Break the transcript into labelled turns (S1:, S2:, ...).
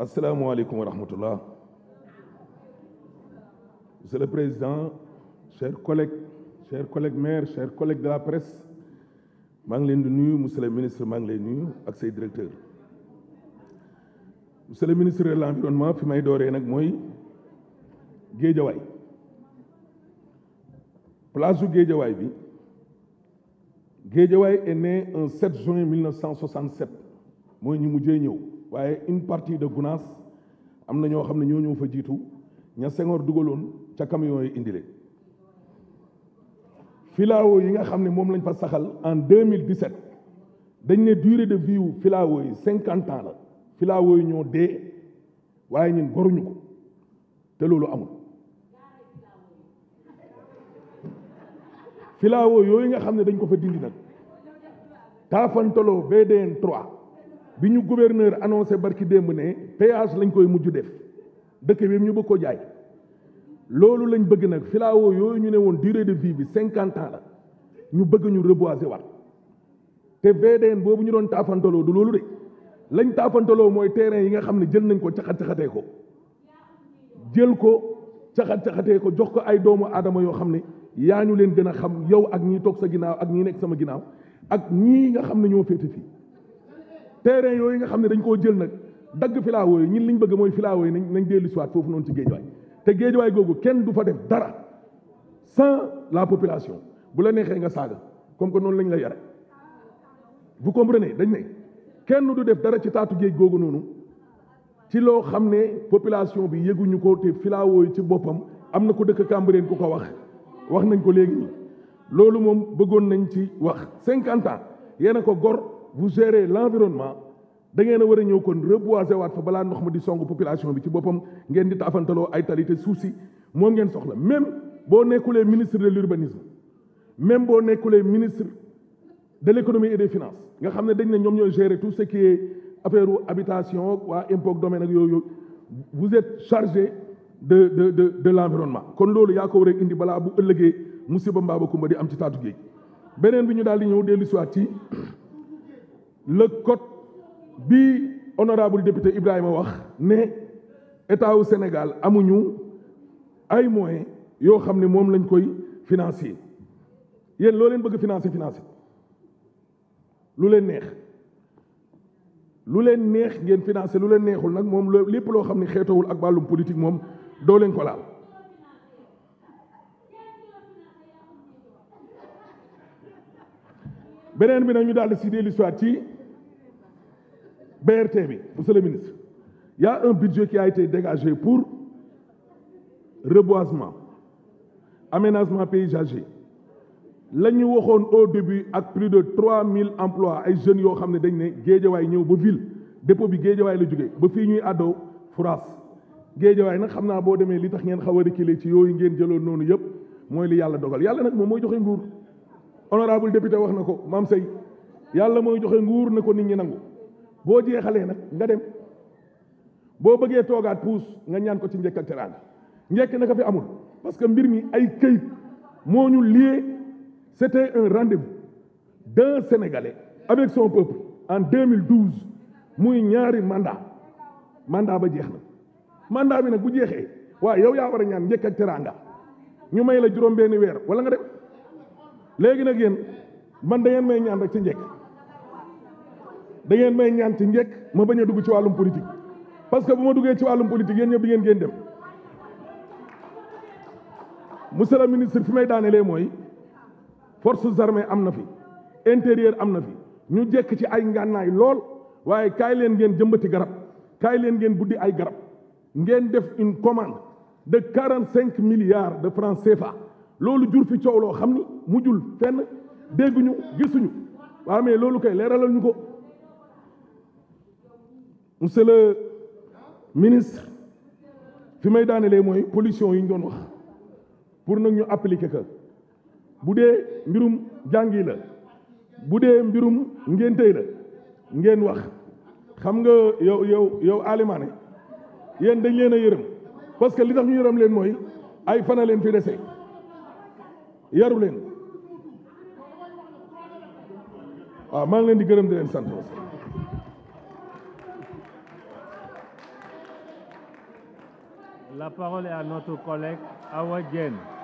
S1: Assalamu alaikum wa rahmatullah. Monsieur le Président, chers collègues, chers collègues maires, chers collègues de la presse, M. Monsieur le Ministre Manglénu, Accès Directeur, directeur. Monsieur le Ministre de l'Environnement, fi may dooree place de Géejawaay bi est né le 7 juin 1967 Moi ñi waaye une partie de Gounass am na ñoo xam ne ñoo ñëw fa jiitu ña Senghor dugaloon ca camion yi indile filao yi nga xam ne moom lañ fa saxal en 2017 dañ ne durée de vie wu yi cinquante ans la filao yi ñoo dee waaye ñun goruñu ko te loolu amul filao yooyu nga xam ne dañ ko fa dindi nag taafantaloo VDN 3 bi ñu gouverneur annoncé barki démb ne péage lañ koy mujj def dëkk bi ñu bëgg ko jaay loolu lañ bëgg nag filao yooyu ñu ne woon durée de vie bi cinquante ans la ñu bëgg ñu reboiser waat te VDN boobu ñu doon taafantaloo du loolu de lañ taafantaloo mooy terrain yi nga xam ne jël nañ ko caxat-caxatee ko jël ko caxat-caxatee ko jox ko ay doomu aadama yoo xam ne yaa ñu leen gën a xam yow ak ñii toog sa ginnaaw ak ñi nekk sama ginnaaw ak ñii nga xam ne ñoo féete terrain yooyu nga xam ne dañ koo jël nag dagg filaawo yi ñun liñ bëgg mooy filaawo yi nañ nañ dellu si waat foofu noonu ci géejuwaay te géejuwaay googu kenn du fa def dara sans la population bu la neexee nga saaga comme que noonu lañ la yare vous comprenez dañ ne kenn du def dara ci taatu géej googu noonu ci loo xam ne population bi yëguñu ko te filaawo yi ci boppam am na ko dëkk Cambérène ku ko wax wax nañ ko léegi nii loolu moom bëggoon nañ ci wax cinquante ans yéen ko gor vous gérez l'environnement da ngeen a war a ñëw kon reboiser waat fa balaa ndox ma di song population bi ci boppam ngeen di taafantaloo ay talité suuf si moo ngeen soxla même boo nekkulee ministre de l'urbanisme même boo nekkulee ministre de l'économie et des finances nga xam ne dañ ne ñoom ñooy gérer tout ce qui est affaire habitation waa impôt domaine ak yooyu vous êtes chargé de de de de l'environnement kon loolu yaa ko war a indi balaa bu ëllëgee musiba mbaaba kumba di am ci taatu géej beneen bi ñu daal di ñëw dellu siwaat ci le code bi honorable député Ibrahima wax ne état wu Sénégal amuñu ay moyens yoo xam ni moom lañ koy financer yéen loo leen bëgg financer financer lu leen neex lu leen neex ngeen financer lu leen neexul nag moom lépp loo xam ne xeetowul ak wàllum politique moom doo leen ko laal benen bi nañu dal ci dé si ci BRT bi monsieur le ministre il y a un budget qui a été dégagé pour reboisement aménagement paysager lañu waxone au début ak plus de 3000 emplois ay jeunes yo xamné ne dañ ne géejawaay ñëw ba ville dépôt bi géejawaay la jógee ba fi ñuy àddoo France géejawaay nag xam naa boo demee li tax ngeen xaw a ci yooyu ngeen jëloon nonu yépp moy li yalla dogal yalla nak mom moy joxé nguur. honorable député wax na ko maam sey yàlla mooy joxe nguur na ko nit ñi nangu boo jeexalee nag nga dem boo bëggee toogaat puus nga ñaan ko ci njëkk ak teraanga njëkk naka fi amul parce que mbir mi ay këyit moo ñu lié c'était un rendez-vous d'un Sénégalais avec son peuple en 2012 muy ñaari mandat mandat ba jeex na mandat bi nag bu jeexee waaye yow yaa war a ñaan njëkk ak teraanga ñu may la juróom benni weer wala nga dem léegi nag yéen man da ngeen may ñaan rek ci njëkk da may ñaan ci njekk ma bañ a dugg ci wàllum politique parce que bu ma duggee ci wàllum politique yéen ñëpp di ngeen génn dem monsieur ministre fi may daanelee mooy forces armées am na fi intérieur am na fi ñu jekk ci ay ngànnaay lool waaye kaay leen ngeen jëmbati garab kaay leen ngeen di ay garab ngeen def une commande de quarante cinq milliards de francs CFA loolu jur fi coow loo xam mu jul mujjul fenn ñu gisuñu waaw mais loolu kay leeralal ñu ko monsieur le ministre fi may daanelee mooy pollution yi ñu doon wax pour nag ñu appliquer ko bu dee mbirum jàngi la bu dee mbirum ngéntey la ngeen wax xam nga yow yow yow alimaane yéen dañ leen a yërëm parce que li tax ñu yërëm leen mooy ay fana leen fi dese yaru ah waaw maa ngi leen di gërëm di len sant La parole est à notre collègue Awa Diène.